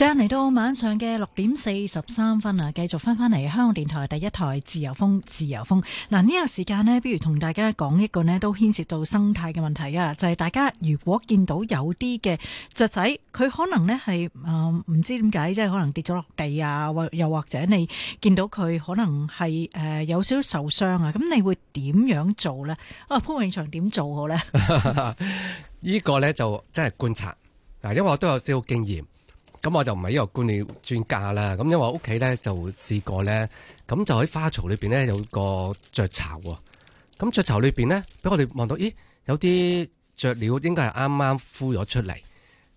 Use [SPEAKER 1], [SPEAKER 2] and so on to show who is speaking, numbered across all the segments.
[SPEAKER 1] 時間嚟到晚上嘅六點四十三分啦，繼續翻翻嚟香港電台第一台自由風，自由風嗱呢，啊，這個時間呢，不如同大家講一個呢，都牽涉到生態嘅問題啊，就係、是、大家如果見到有啲嘅雀仔，佢可能呢係誒唔知點解，即係可能跌咗落地啊，或又或者你見到佢可能係誒、呃、有少少受傷啊，咁你會點樣做呢？啊，潘永祥點做好呢？
[SPEAKER 2] 呢 個呢，就真係觀察嗱，因為我都有少少經驗。咁我就唔係呢個管理專家啦。咁因為屋企咧就試過咧，咁就喺花槽裏邊咧有個雀巢喎。咁雀巢裏邊咧，俾我哋望到，咦，有啲雀鳥應該係啱啱孵咗出嚟。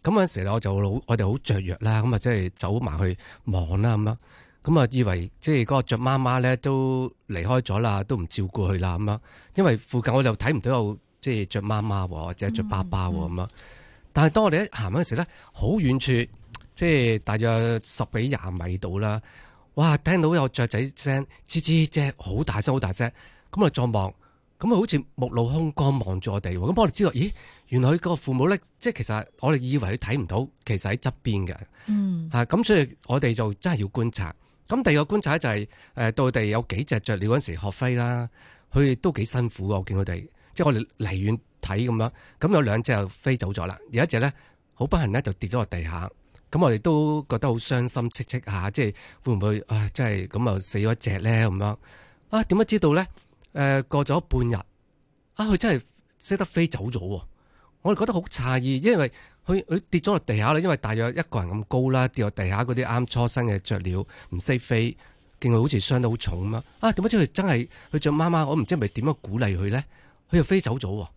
[SPEAKER 2] 咁嗰陣時咧，我就我哋好著約啦。咁啊，即係走埋去望啦，咁樣。咁啊，以為即係嗰個雀媽媽咧都離開咗啦，都唔照顧佢啦，咁樣。因為附近我就睇唔到有即係雀媽媽或者雀爸爸咁樣。嗯嗯、但係當我哋一行嗰陣時咧，好遠處。即係大約十幾廿米到啦。哇！聽到有雀仔聲，吱吱，隻好大聲，好大聲。咁啊，作望，咁啊，好似目露凶光望住我哋。咁我哋知道，咦？原來佢個父母咧，即係其實我哋以為佢睇唔到，其實喺側邊嘅。嗯。嚇咁、啊，所以我哋就真係要觀察。咁第二個觀察就係、是、誒，到佢哋有幾隻雀鳥嗰陣時學飛啦，佢哋都幾辛苦。我見佢哋即係我哋離遠睇咁樣，咁有兩隻又飛走咗啦，有一隻咧好不幸咧就跌咗落地下。咁我哋都覺得好傷心，戚戚下，即係會唔會真係啊？即係咁啊，死咗一隻咧，咁樣啊？點樣知道咧？誒過咗半日，啊佢真係識得飛走咗喎！我哋覺得好詫異，因為佢佢跌咗落地下啦，因為大約一個人咁高啦，跌落地下嗰啲啱初生嘅雀鳥唔識飛，見佢好似傷得好重咁啊！點解知佢真係佢著媽媽？我唔知係咪點樣鼓勵佢咧？佢又飛走咗喎。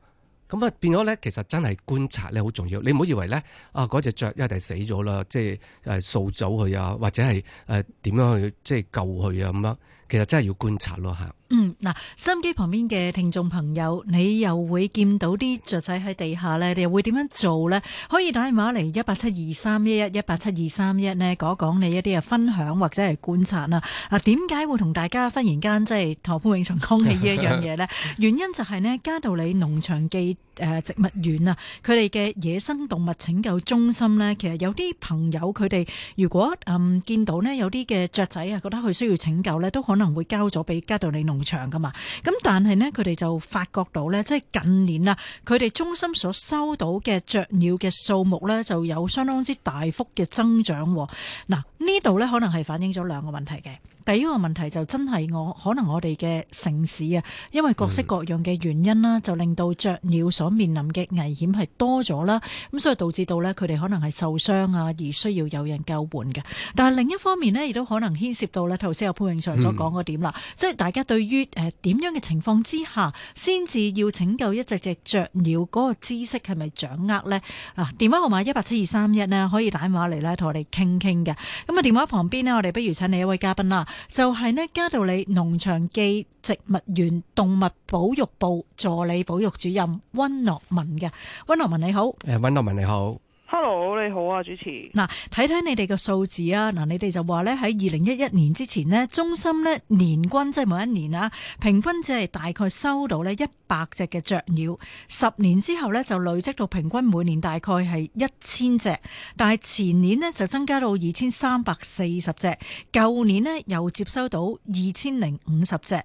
[SPEAKER 2] 咁啊，變咗咧，其實真係觀察咧好重要。你唔好以為咧，啊嗰隻雀一定係死咗啦，即係掃走佢啊，或者係誒點樣去即係救佢啊咁樣。其實真係要觀察咯吓。嗯，
[SPEAKER 1] 嗱、啊，收音機旁邊嘅聽眾朋友，你又會見到啲雀仔喺地下咧，你又會點樣做呢？可以打電話嚟一八七二三一一一八七二三一，呢，講一講你一啲嘅分享或者係觀察啦。啊，點解會同大家忽然間即係唐潘永祥講起呢一樣嘢呢？ 原因就係、是、呢：嘉道理農場暨植物園啊，佢哋嘅野生動物拯救中心呢。其實有啲朋友佢哋如果嗯見到呢，有啲嘅雀仔啊，覺得佢需要拯救呢。都可。可能會交咗俾嘉道理農場噶嘛？咁但係呢，佢哋就發覺到呢，即係近年啊，佢哋中心所收到嘅雀鳥嘅數目呢，就有相當之大幅嘅增長。嗱，呢度呢可能係反映咗兩個問題嘅。第一個問題就真係我可能我哋嘅城市啊，因為各式各樣嘅原因啦，就令到雀鳥所面臨嘅危險係多咗啦。咁所以導致到呢，佢哋可能係受傷啊，而需要有人救援嘅。但係另一方面呢，亦都可能牽涉到呢，頭先阿潘永祥所講。講個點啦，即係大家對於誒點樣嘅情況之下，先至要拯救一隻隻雀鳥嗰個知識係咪掌握呢？啊，電話號碼一八七二三一咧，可以打電話嚟咧，同我哋傾傾嘅。咁啊，電話旁邊呢，我哋不如請嚟一位嘉賓啦，就係呢——嘉道理農場暨植物園動物保育部助理保育主任溫諾汶嘅。溫諾汶你好，
[SPEAKER 2] 誒，溫諾汶你好。
[SPEAKER 3] Hello，你好啊，主
[SPEAKER 1] 持。嗱，睇睇你哋嘅數字啊，嗱，你哋就話咧喺二零一一年之前呢，中心咧年均即係每一年啊，平均只係大概收到呢一百隻嘅雀鳥。十年之後咧就累積到平均每年大概係一千隻，但係前年呢，就增加到二千三百四十隻，舊年呢，又接收到二千零五十隻，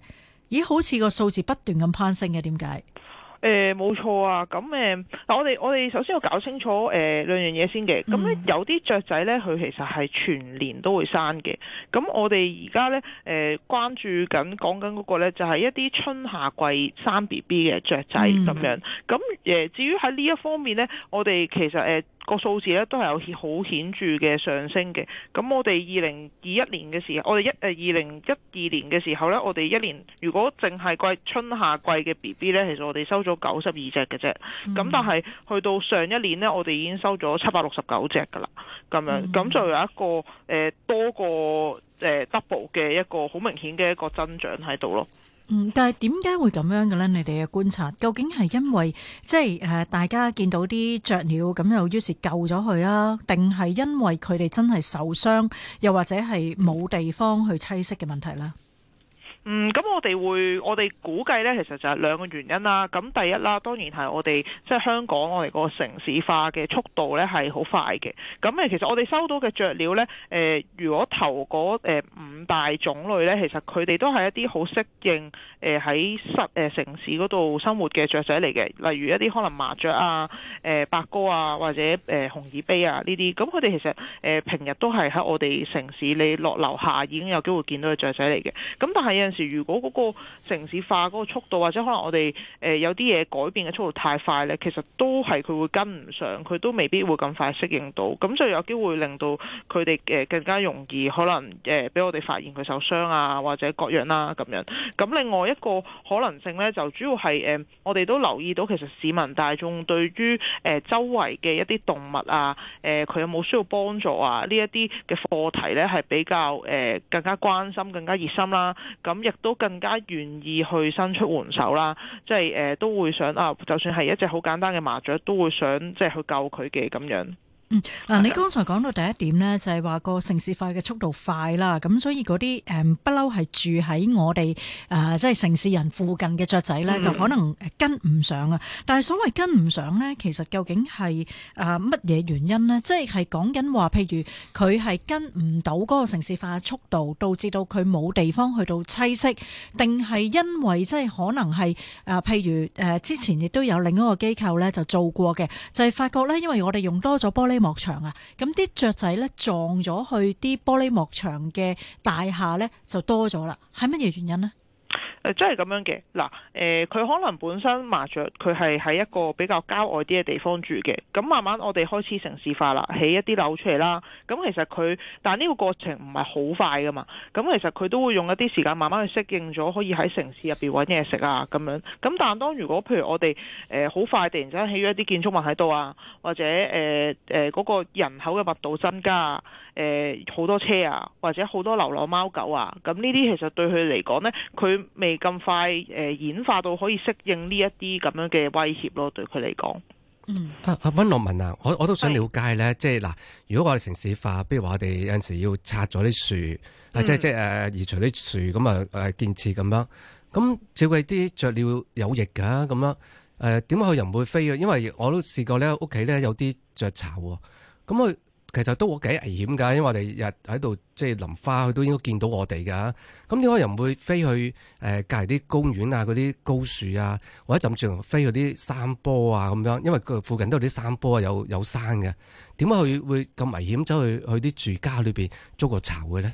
[SPEAKER 1] 咦，好似個數字不斷咁攀升嘅，點解？
[SPEAKER 3] 誒冇錯啊，咁誒，嗱我哋我哋首先要搞清楚誒兩樣嘢先嘅。咁咧有啲雀仔咧，佢其實係全年都會生嘅，咁我哋而家咧誒關注緊講緊嗰個咧，就係一啲春夏季生 BB 嘅雀仔咁樣，咁誒至於喺呢一方面咧，我哋其實誒。呃個數字咧都係有好顯著嘅上升嘅。咁我哋二零二一年嘅時候，我哋一誒二零一二年嘅時候咧，我哋一年如果淨係季春夏季嘅 B B 咧，其實我哋收咗九十二隻嘅啫。咁、嗯、但係去到上一年咧，我哋已經收咗七百六十九隻噶啦。咁樣咁、嗯、就有一個誒、呃、多過誒、呃、double 嘅一個好明顯嘅一個增長喺度咯。
[SPEAKER 1] 嗯，但係點解會咁樣嘅咧？你哋嘅觀察，究竟係因為即係誒、呃、大家見到啲雀鳥咁，又於是救咗佢啊？定係因為佢哋真係受傷，又或者係冇地方去棲息嘅問題咧？
[SPEAKER 3] 嗯，咁我哋會，我哋估計呢，其實就係兩個原因啦。咁第一啦，當然係我哋即係香港我哋個城市化嘅速度呢係好快嘅。咁誒，其實我哋收到嘅雀鳥呢，誒，如果頭嗰誒五大種類呢，其實佢哋都係一啲好適應誒喺室誒城市嗰度生活嘅雀仔嚟嘅，例如一啲可能麻雀啊、誒、啊、白鴿啊或者誒、嗯、紅耳鹎啊呢啲。咁佢哋其實誒、呃、平日都係喺我哋城市，你落樓下已經有機會見到嘅雀仔嚟嘅。咁但係時如果嗰個城市化個速度，或者可能我哋誒、呃、有啲嘢改變嘅速度太快咧，其實都係佢會跟唔上，佢都未必會咁快適應到，咁就有機會令到佢哋誒更加容易可能誒俾、呃、我哋發現佢受傷啊或者各樣啦、啊、咁樣。咁另外一個可能性咧，就主要係誒、呃、我哋都留意到，其實市民大眾對於誒、呃、周圍嘅一啲動物啊，誒、呃、佢有冇需要幫助啊呢一啲嘅課題咧，係比較誒、呃、更加關心、更加熱心啦、啊。咁亦都更加願意去伸出援手啦，即係誒、呃、都會想啊，就算係一隻好簡單嘅麻雀，都會想即係去救佢嘅咁樣。
[SPEAKER 1] 嗯，嗱，你剛才講到第一點咧，就係、是、話個城市化嘅速度快啦，咁所以啲誒不嬲係住喺我哋誒、呃、即係城市人附近嘅雀仔咧，就可能跟唔上啊。但係所謂跟唔上咧，其實究竟係誒乜嘢原因咧？即係係講緊話，譬如佢係跟唔到個城市化速度，導致到佢冇地方去到棲息，定係因為即係可能係誒、呃、譬如誒、呃、之前亦都有另一個機構咧就做過嘅，就係、是、發覺咧，因為我哋用多咗玻璃。幕牆啊，咁啲雀仔呢，撞咗去啲玻璃幕牆嘅大廈呢，就多咗啦。係乜嘢原因呢？
[SPEAKER 3] 誒，真係咁樣嘅。嗱，誒、呃，佢可能本身麻雀，佢係喺一個比較郊外啲嘅地方住嘅。咁、嗯、慢慢我哋開始城市化啦，起一啲樓出嚟啦。咁、嗯、其實佢，但係呢個過程唔係好快噶嘛。咁、嗯、其實佢都會用一啲時間慢慢去適應咗，可以喺城市入邊揾嘢食啊，咁、嗯、樣。咁但當如果譬如我哋，誒、呃，好快突然間起咗一啲建築物喺度啊，或者誒誒嗰個人口嘅密度增加啊，誒、呃、好多車啊，或者好多流浪貓狗啊，咁呢啲其實對佢嚟講呢，佢未。咁快誒演化到可以適應呢一啲咁樣嘅威脅咯，對佢嚟講。
[SPEAKER 2] 嗯，阿阿温諾汶啊，我我都想了解咧，是即係嗱，如果我哋城市化，比如話我哋有陣時要拆咗啲樹，嗯、即係即係誒移除啲樹，咁啊誒建設咁樣，咁少貴啲雀鳥有翼嘅咁樣，誒點解佢又唔會飛啊？因為我都試過咧，屋企咧有啲雀巢喎，咁佢。其實都幾危險㗎，因為我哋日喺度即係淋花，佢都應該見到我哋㗎。咁點解又唔會飛去誒隔離啲公園啊、嗰啲高樹啊，或者浸住飛嗰啲山坡啊咁樣？因為佢附近都有啲山坡、啊，有有山嘅。點解佢會咁危險走去去啲住家裏邊捉個巢嘅咧？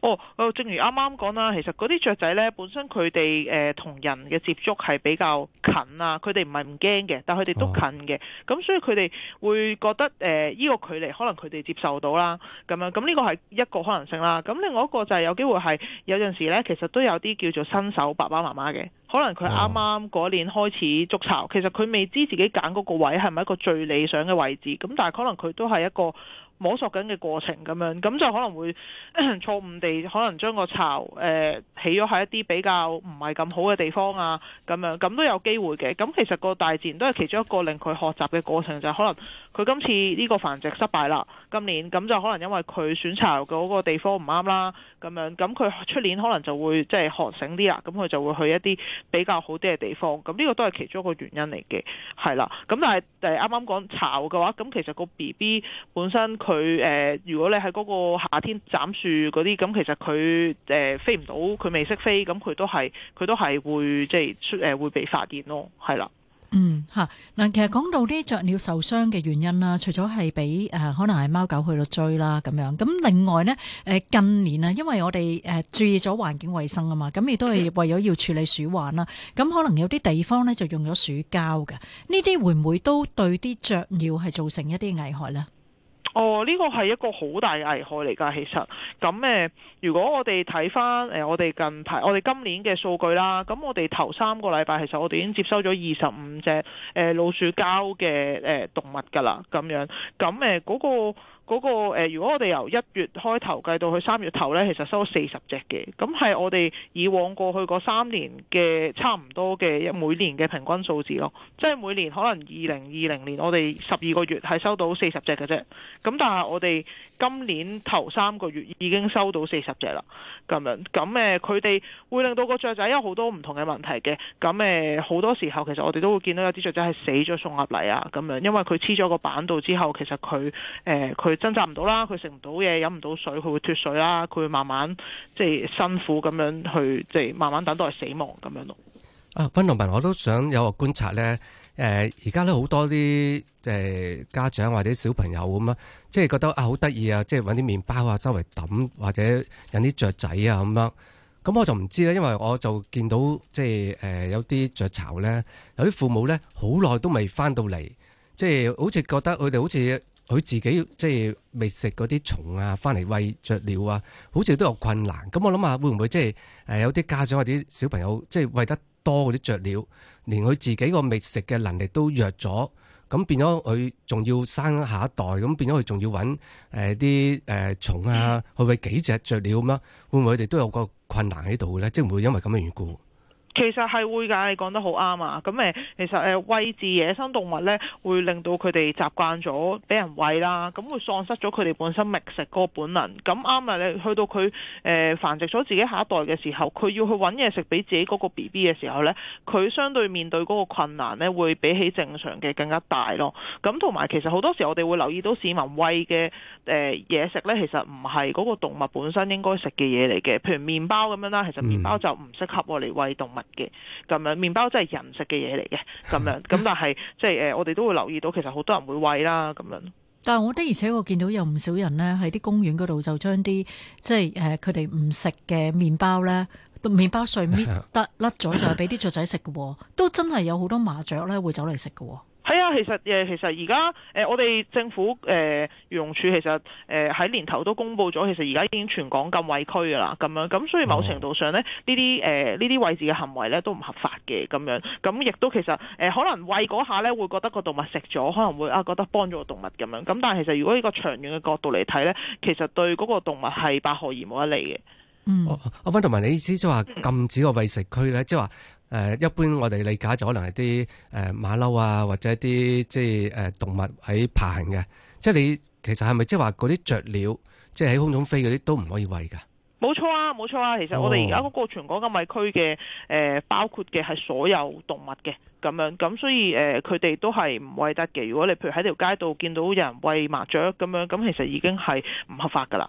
[SPEAKER 3] 哦，誒，正如啱啱講啦，其實嗰啲雀仔呢，本身佢哋誒同人嘅接觸係比較近啊，佢哋唔係唔驚嘅，但佢哋都近嘅，咁、哦嗯、所以佢哋會覺得誒依、呃呢個距離可能佢哋接受到啦，咁樣，咁呢個係一個可能性啦。咁另外一個就係有機會係有陣時呢，其實都有啲叫做新手爸爸媽媽嘅，可能佢啱啱嗰年開始捉巢，哦、其實佢未知自己揀嗰個位係咪一個最理想嘅位置，咁但係可能佢都係一個摸索緊嘅過程咁樣，咁就可能會錯誤地可能將個巢誒起咗喺一啲比較唔係咁好嘅地方啊，咁樣咁都有機會嘅。咁其實個大自然都係其中一個令佢學習嘅過程，就係、是、可能佢今次呢個繁殖失敗啦，今年咁就可能因為佢選巢嗰個地方唔啱啦，咁樣咁佢出年可能就會即係、就是、學醒啲啦，咁佢就會去一啲比較好啲嘅地方。咁呢個都係其中一個原因嚟嘅，係啦。咁但係誒啱啱講巢嘅話，咁其實個 BB 本身。佢誒、呃，如果你喺嗰個夏天斬樹嗰啲，咁其實佢誒、呃、飛唔到，佢未識飛，咁佢都係佢都係會即係出誒會被發現咯，係啦嗯。
[SPEAKER 1] 嗯，吓嗱，其實講到啲雀鳥受傷嘅原因啦，除咗係俾誒可能係貓狗去到追啦，咁樣咁另外呢，誒近年啊，因為我哋誒注意咗環境衛生啊嘛，咁亦都係為咗要處理鼠患啦。咁的可能有啲地方呢，就用咗鼠膠嘅呢啲，會唔會都對啲雀鳥係造成一啲危害咧？
[SPEAKER 3] 哦，呢、這個係一個好大嘅危害嚟㗎，其實咁誒、嗯，如果我哋睇翻誒我哋近排，我哋今年嘅數據啦，咁、嗯、我哋頭三個禮拜，其實我哋已經接收咗二十五隻誒老鼠膠嘅誒動物㗎啦，咁樣咁誒嗰個。嗰個誒如果我哋由一月開頭計到去三月頭呢，其實收四十隻嘅，咁係我哋以往過去嗰三年嘅差唔多嘅一每年嘅平均數字咯，即係每年可能二零二零年我哋十二個月係收到四十隻嘅啫，咁但係我哋。今年頭三個月已經收到四十隻啦，咁樣咁誒，佢哋會令到個雀仔有好多唔同嘅問題嘅。咁誒，好多時候其實我哋都會見到有啲雀仔係死咗送入嚟啊，咁樣，因為佢黐咗個板度之後，其實佢誒佢掙扎唔到啦，佢食唔到嘢，飲唔到水，佢會脱水啦，佢會慢慢即係辛苦咁樣去即係慢慢等待死亡咁樣咯。
[SPEAKER 2] 啊，温諾汶，我都想有個觀察咧。誒而家咧好多啲誒家長或者小朋友咁啊，即係覺得啊好得意啊，即係揾啲麵包啊周圍揼或者引啲雀仔啊咁樣。咁我就唔知喇，因為我就見到即係誒有啲雀巢咧，有啲父母咧好耐都未翻到嚟，即係好似覺得佢哋好似佢自己即係未食嗰啲蟲啊，翻嚟餵雀鳥啊，好似都有困難。咁我諗下會唔會即係誒有啲家長或者小朋友即係餵得多嗰啲雀鳥，連佢自己個覓食嘅能力都弱咗，咁變咗佢仲要生下一代，咁變咗佢仲要揾誒啲誒蟲啊，去餵幾隻雀鳥咁樣，會唔會佢哋都有個困難喺度咧？即係唔會因為咁嘅緣故？
[SPEAKER 3] 其實係會㗎，你講得好啱啊！咁誒，其實誒餵飼野生動物咧，會令到佢哋習慣咗俾人餵啦，咁會喪失咗佢哋本身覓食嗰個本能。咁啱啊，你去到佢誒繁殖咗自己下一代嘅時候，佢要去揾嘢食俾自己嗰個 B B 嘅時候咧，佢相對面對嗰個困難咧，會比起正常嘅更加大咯。咁同埋其實好多時我哋會留意到市民餵嘅誒嘢食咧，其實唔係嗰個動物本身應該食嘅嘢嚟嘅，譬如麵包咁樣啦，其實麵包就唔適合我嚟餵動物。嗯嘅咁樣，麵包真係人食嘅嘢嚟嘅咁樣，咁但係即係誒、呃，我哋都會留意到，其實好多人會餵啦咁樣。
[SPEAKER 1] 但係我的而且，我見到有唔少人咧喺啲公園嗰度就將啲即係誒，佢哋唔食嘅麵包咧，麵包碎搣得甩咗就係俾啲雀仔食噶，都真係有好多麻雀咧會走嚟食噶。
[SPEAKER 3] 係啊、哎，其實誒、呃，其實而家誒，我哋政府誒，漁農、呃、署其實誒，喺、呃、年頭都公布咗，其實而家已經全港禁餵區㗎啦，咁樣咁，所以某程度上咧，呢啲誒，呢啲餵飼嘅行為咧，都唔合法嘅，咁樣咁，亦都其實誒、呃，可能餵嗰下咧，會覺得個動物食咗，可能會啊覺得幫咗個動物咁樣，咁但係其實如果呢個長遠嘅角度嚟睇咧，其實對嗰個動物係百害而無一利嘅。
[SPEAKER 2] 嗯、我阿温同埋，你意思即係話禁止個喂食區咧，即係話誒，一般我哋理解就可能係啲誒馬騮啊，或者啲即係誒動物喺爬行嘅。即、就、係、是、你其實係咪即係話嗰啲雀鳥，即係喺空中飛嗰啲都唔可以喂噶？
[SPEAKER 3] 冇錯啊，冇錯啊。其實我哋而家嗰個全港禁喂區嘅誒，包括嘅係所有動物嘅咁樣。咁所以誒，佢、呃、哋都係唔喂得嘅。如果你譬如喺條街度見到有人餵麻雀咁樣，咁其實已經係唔合法噶啦。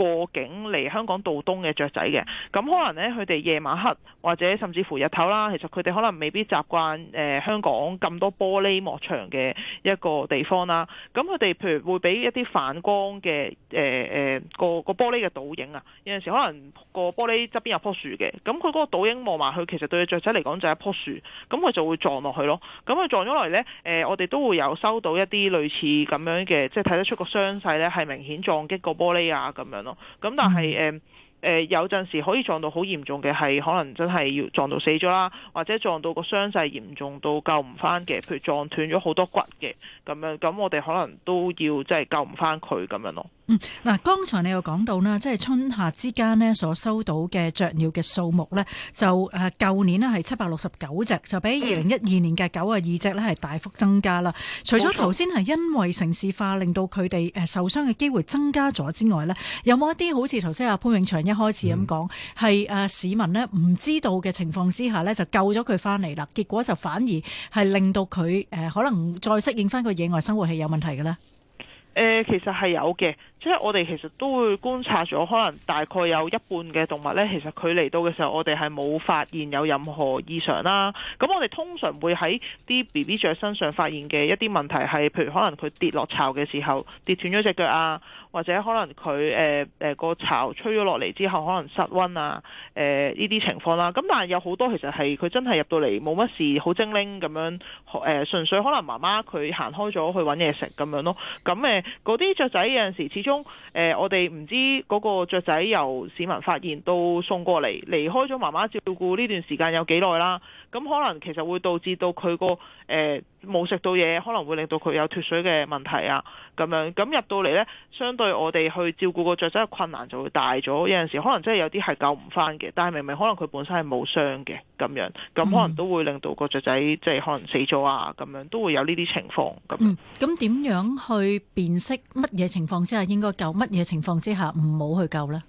[SPEAKER 3] 過境嚟香港度冬嘅雀仔嘅，咁可能呢，佢哋夜晚黑或者甚至乎日頭啦，其實佢哋可能未必習慣誒香港咁多玻璃幕牆嘅一個地方啦。咁佢哋譬如會俾一啲反光嘅誒誒個個玻璃嘅倒影啊，有陣時可能個玻璃側邊有棵樹嘅，咁佢嗰個倒影望埋去，其實對雀仔嚟講就係一棵樹，咁佢就會撞落去咯。咁佢撞咗落嚟呢，誒、呃、我哋都會有收到一啲類似咁樣嘅，即係睇得出個傷勢呢係明顯撞擊個玻璃啊咁樣咯。咁但係誒誒，有陣時可以撞到好嚴重嘅，係可能真係要撞到死咗啦，或者撞到個傷勢嚴重到救唔返嘅，譬如撞斷咗好多骨嘅咁樣，咁我哋可能都要即係救唔返佢咁樣咯。
[SPEAKER 1] 嗱、嗯，剛才你又講到咧，即係春夏之間呢所收到嘅雀鳥嘅數目呢，就誒舊年呢係七百六十九隻，就比二零一二年嘅九啊二隻呢係大幅增加啦。除咗頭先係因為城市化令到佢哋誒受傷嘅機會增加咗之外呢，有冇一啲好似頭先阿潘永祥一開始咁講，係誒、嗯、市民呢唔知道嘅情況之下呢，就救咗佢翻嚟啦，結果就反而係令到佢誒可能再適應翻個野外生活係有問題嘅
[SPEAKER 3] 咧？誒、呃，其實係有嘅。即係我哋其實都會觀察咗，可能大概有一半嘅動物咧，其實佢嚟到嘅時候，我哋係冇發現有任何異常啦。咁我哋通常會喺啲 B B 雀身上發現嘅一啲問題係譬如可能佢跌落巢嘅時候跌斷咗隻腳啊，或者可能佢誒誒個巢吹咗落嚟之後可能失溫啊，誒呢啲情況啦、啊。咁但係有好多其實係佢真係入到嚟冇乜事，好精靈咁樣誒純粹可能媽媽佢行開咗去揾嘢食咁樣咯。咁誒嗰啲雀仔有陣時始終中誒、呃，我哋唔知嗰、個雀仔由市民發現到送過嚟離開咗媽媽照顧呢段時間有幾耐啦。咁可能其實會導致到佢個誒冇食到嘢，可能會令到佢有脫水嘅問題啊咁樣。咁入到嚟呢，相對我哋去照顧個雀仔嘅困難就會大咗。有陣時可能真係有啲係救唔返嘅，但係明明可能佢本身係冇傷嘅咁樣，咁可能都會令到個雀仔即係可能死咗啊咁樣，都會有呢啲情況
[SPEAKER 1] 咁。嗯，咁點樣去辨識乜嘢情況之下應該救，乜嘢情況之下唔好去救呢？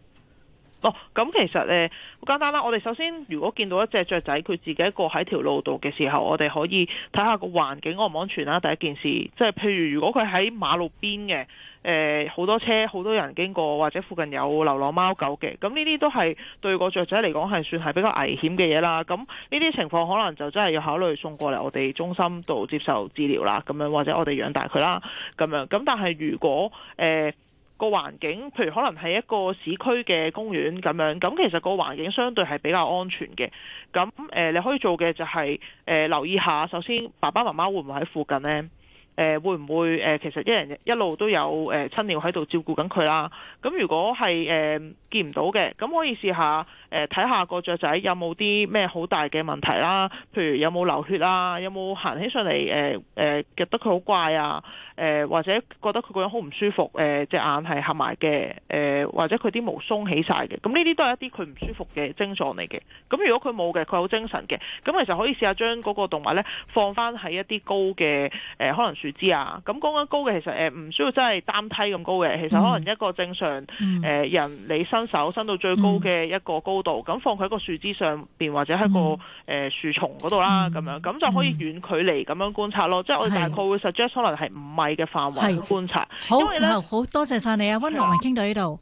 [SPEAKER 3] 哦，咁、嗯、其實誒好、呃、簡單啦。我哋首先，如果見到一隻雀仔佢自己一個喺條路度嘅時候，我哋可以睇下個環境安唔安全啦。第一件事，即係譬如如果佢喺馬路邊嘅誒好多車、好多人經過，或者附近有流浪貓狗嘅，咁呢啲都係對個雀仔嚟講係算係比較危險嘅嘢啦。咁呢啲情況可能就真係要考慮送過嚟我哋中心度接受治療啦。咁樣或者我哋養大佢啦。咁樣咁但係如果誒。呃個環境，譬如可能係一個市區嘅公園咁樣，咁其實個環境相對係比較安全嘅。咁誒、呃，你可以做嘅就係、是、誒、呃、留意下，首先爸爸媽媽會唔會喺附近呢？誒、呃，會唔會誒、呃，其實一人一路都有誒親鳥喺度照顧緊佢啦？咁如果係誒、呃、見唔到嘅，咁可以試下。誒睇下個雀仔有冇啲咩好大嘅問題啦，譬如有冇流血啦，有冇行起上嚟誒誒覺得佢好怪啊，誒、呃、或者覺得佢個樣好唔舒服，誒、呃、隻眼係合埋嘅，誒、呃、或者佢啲毛鬆起晒嘅，咁呢啲都係一啲佢唔舒服嘅症狀嚟嘅。咁如果佢冇嘅，佢好精神嘅，咁、嗯嗯、其實可以試下將嗰個動物咧放翻喺一啲高嘅誒、呃，可能樹枝啊。咁、嗯那個、講緊高嘅，其實誒唔需要真係單梯咁高嘅，其實可能一個正常誒人、呃、你伸手伸到最高嘅一個高。度，咁放佢喺個樹枝上邊，或者喺個誒樹叢嗰度啦，咁、嗯、樣咁就可以遠距離咁樣觀察咯。即係、嗯、我哋大概會 suggest 可能係五米嘅範圍去觀察。好，好，
[SPEAKER 1] 好多謝晒你啊，温龍，我傾到呢度。